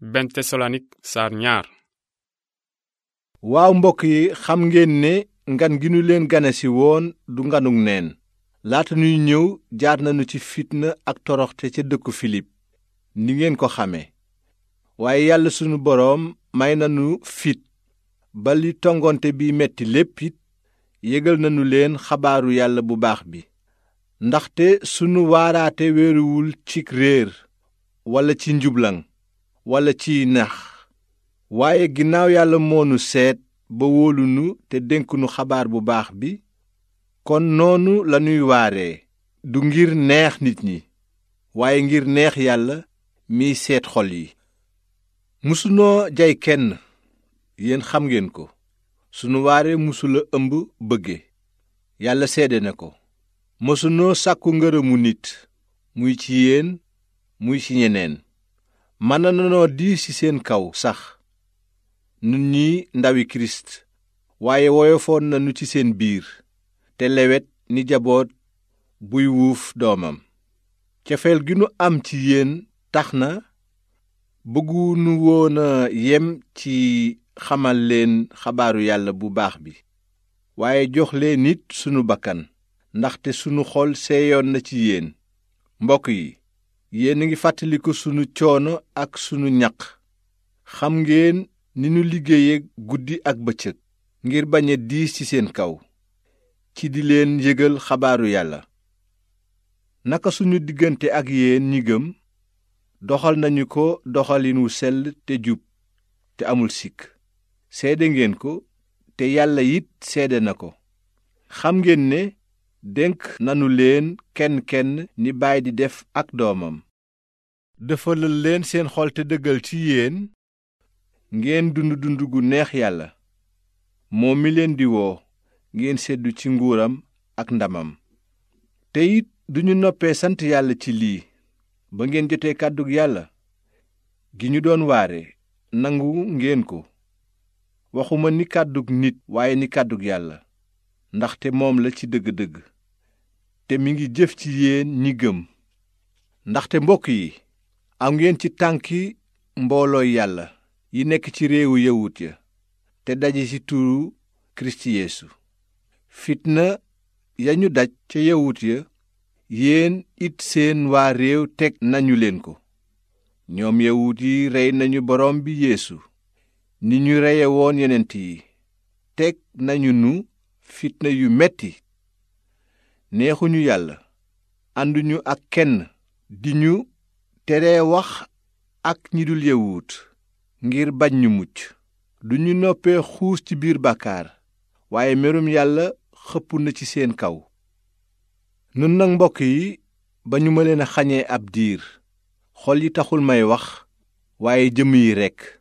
benn tesalonik saar waaw mbokk yi xam ngeen ne ngan gi nu leen ganesi woon du nganug neen laata nuy ñëw jaar nañu ci fitna ak toroxte ca dëkku filip ni ngeen ko xame waaye yàlla sunu boroom may nanu fit bali li tongonte bi metti lépp it yégal nanu leen xabaaru yàlla bu baax bi ndaxte sunu waaraate wéeruwul cig réer walla ci njublan walla ciy nax waaye ginnaaw yàlla moonu seet ba wóolu te dénk xabaar bu baax bi kon noonu lanuy waaree du ngir neex nit ñi waaye ngir neex yàlla miy seet xol yi musunoo jay kenn yéen xam ngeen ko sunu waare musula ëmb bëgge yàlla seede na ko mësunoo sàkku ngërëmu nit muy ci yéen muy ci ñeneen mën nanoo di ci seen kaw sax nun ñi ndawi kirist waaye woyofoon nanu ci seen biir te lewet ni jaboot buy wuuf doomam cofeel gi nu am ci yéen tax na bëggunu woon a yem ci xamal leen xabaaru yàlla bu baax bi waaye jox leen it sunu bakkan ndaxte sunu xol seeyoon na ci yéen mbokk yi yéen a ngi fàttaliku sunu coono ak sunu ñaq xam ngeen ni nu liggéeye guddi ak bëccëg ngir bañ a diis ci seen kaw ci di leen yëgal xabaaru yàlla naka suñu diggante ak yéen ñi gëm doxal nañu ko doxalin wu sell te jub te amul sikk seede ngeen ko te yàlla it seede na ko xam ngeen ne dénk nanu leen kenn kenn ni baay di def ak doomam dëfalal leen seen xool te dëggal ci yéen ngeen dund dund gu neex yàlla moom mi leen di woo ngeen seddu ci nguuram ak ndamam te it duñu noppe sant yàlla ci lii ba ngeen jotee kàddug yàlla gi ñu doon waare nangu ngeen ko waxuma ni kàddug nit waaye ni kàddug yàlla ndaxte moom la ci dëgg-dëgg te mi ngi jëf ci yéen ñi gëm ndaxte mbokk yi am ngeen ci tànki mboolooy yàlla yi nekk ci réewu yawut ya te daje ci turu kirist yeesu fitna ya ñu daj ca yawut ya yéen it seen waa réew teg nañu leen ko ñoom yawut yi rey nañu boroom bi yéesu ni ñu reye woon yonent yi teg nañu nu fitna yu metti neexuñu yàlla ànduñu ak kenn di ñu teree wax ak ñi dul yewuut ngir bañ ñu mucc duñu noppee xuus ci biir bàkkaar waaye merum yàlla xëppu na ci seen kaw nun nag mbokk yi ba ñu ma leen a xañee ab diir xol yi taxul may wax waaye jëmm yi rekk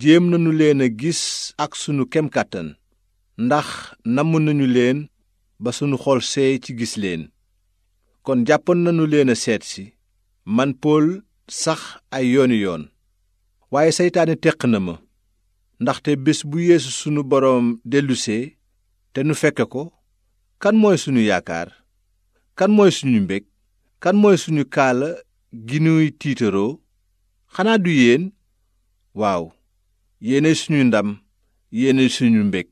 jéem nanu leen a gis ak sunu kem kàttan ndax namm nañu leen ba sunu xool seey ci gis leen kon jàppoon nañu leen a seet si man pool sax ay yooni yoon waaye seytaane teq na ma ndaxte bés bu yeesu sunu boroom dellusee te nu fekke ko kan mooy sunu yaakaar kan mooy suñu mbég kan mooy suñu kaala gi nuy tiitaroo xanaa du yéen waaw yéene suñu ndam yéene suñu mbég